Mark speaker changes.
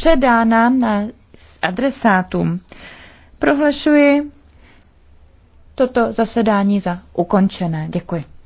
Speaker 1: předána adresátům. Prohlašuji toto zasedání za ukončené. Děkuji.